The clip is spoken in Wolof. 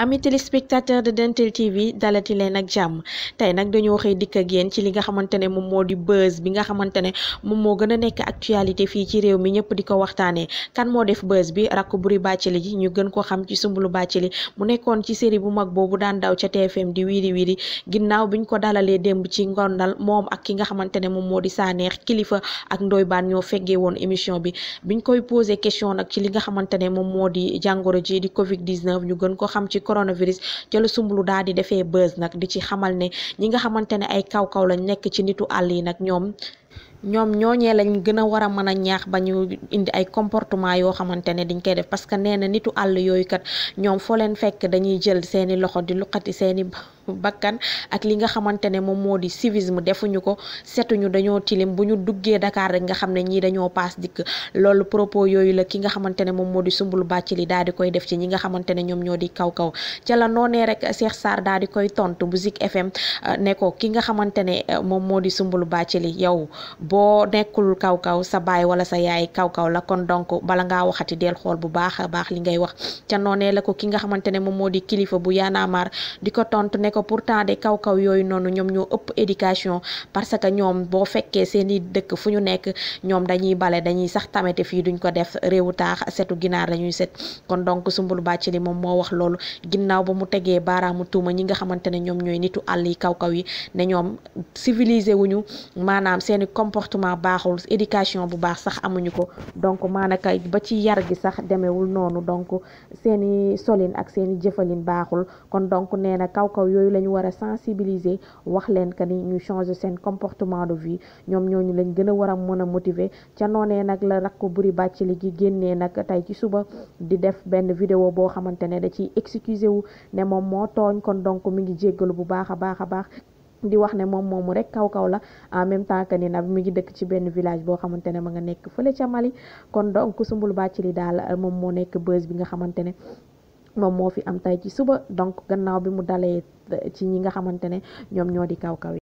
ami téléspectateur de Dentale TV dalati leen ak jàmm tey nag dañoo xëy dikk ak yéen ci li nga xamante ne moom moo di buzz bi nga xamante ne moom moo gën a nekk actualité fii ci réew mi ñëpp di ko waxtaanee kan moo def buzz bi rakk Boury Bathily ji ñu gën ko xam ci Soumboulou Bathily mu nekkoon ci série bu mag boobu daan daw ca TFM di wiiri wiiri ginnaaw biñ ko dalalee démb ci ngondal moom ak ki nga xamante ne moom moo di saaneex kilifa ak ndoy baan ñoo feggee woon émission bi biñ koy posé question nag ci li nga xamante ne moom moo di jàngoro ji di Covid 19 ñu gën ko xam ci coronavirus jëla la sumbulu daal di defee buzz nag di ci xamal ne ñi nga xamante ne ay kaw-kaw lañ nekk ci nitu àll yi nag ñoom ñoom ñooñee lañ gën a war a mën a ñaax ba ñu indi ay comportement yoo xamante ne dañ koy def parce que nee na nitu àll yooyu kat ñoom foo leen fekk dañuy jël seeni loxo di luqati seeni bakkan ak li nga xamante ne moom moo di civisme defuñu ko setuñu dañoo tilim bu ñu duggee Dakar rek nga xam ne ñii dañoo paas dikk loolu propos yooyu la ki nga xamante ne moom moo di sumbul bàcci li daal di koy def ci ñi ne ñoom ñoo di kaw kaw ca la noonee rek Cheikh Sarr daal di koy tontu bu Zik FM euh, ne ko ki nga xamante ne euh, moom moo di sumbul bàcc li yow boo nekkul kaw kaw sa baay wala sa yaay kaw kaw la kon donc bala ngaa waxati del xool bu baax a baax li ngay wax ca noonee la ko ki nga xamante moom moo di kilifa bu yaanaamaar di ko tontu ne que pourtant de kaw-kaw yooyu noonu ñoom ñoo ëpp éducation parce que ñoom boo fekkee seeni dëkk fu ñu nekk ñoom dañuy bale dañuy sax tamete fii duñ ko def réewu taax seetu ginaar lañuy set kon donc sumbul bàcc li moom moo wax loolu ginnaaw ba mu tegee baaraamu tuuma ñi nga xamante ne ñoom ñooy nitu àll yi kaw-kaw yi ne ñoom civilisé wuñu maanaam seeni comportement baaxul éducation bu baax sax amuñu ko donc maanaka ba ci yar gi sax demewul noonu donc seeni solin ak seeni jëfalin baaxul kon donc nee yooyu la ñu war a sensibiliser wax leen que ni ñu changer seen comportement de vie ñoom ñooñu lañ gën a war a mën a motiver ca noonee nag la rakk Boury Bathily gi génnee nag tey ci suba di def benn vidéo boo xamante ne da ciy excusé wu ne moom moo tooñ kon donc mu ngi jéggalu bu baax a baax a baax di wax ne moom moomu rek kaw kaw la en même temps que ni nag mi ngi dëkk ci benn village boo xamante ne ma nga nekk fële ca Mali kon donc Soumboulou li daal moom moo nekk buzz bi nga xamante ne moom moo fi am tey ci suba donc gannaaw bi mu dalee ci ñi nga xamante ne ñoom ñoo di kaw kaw yi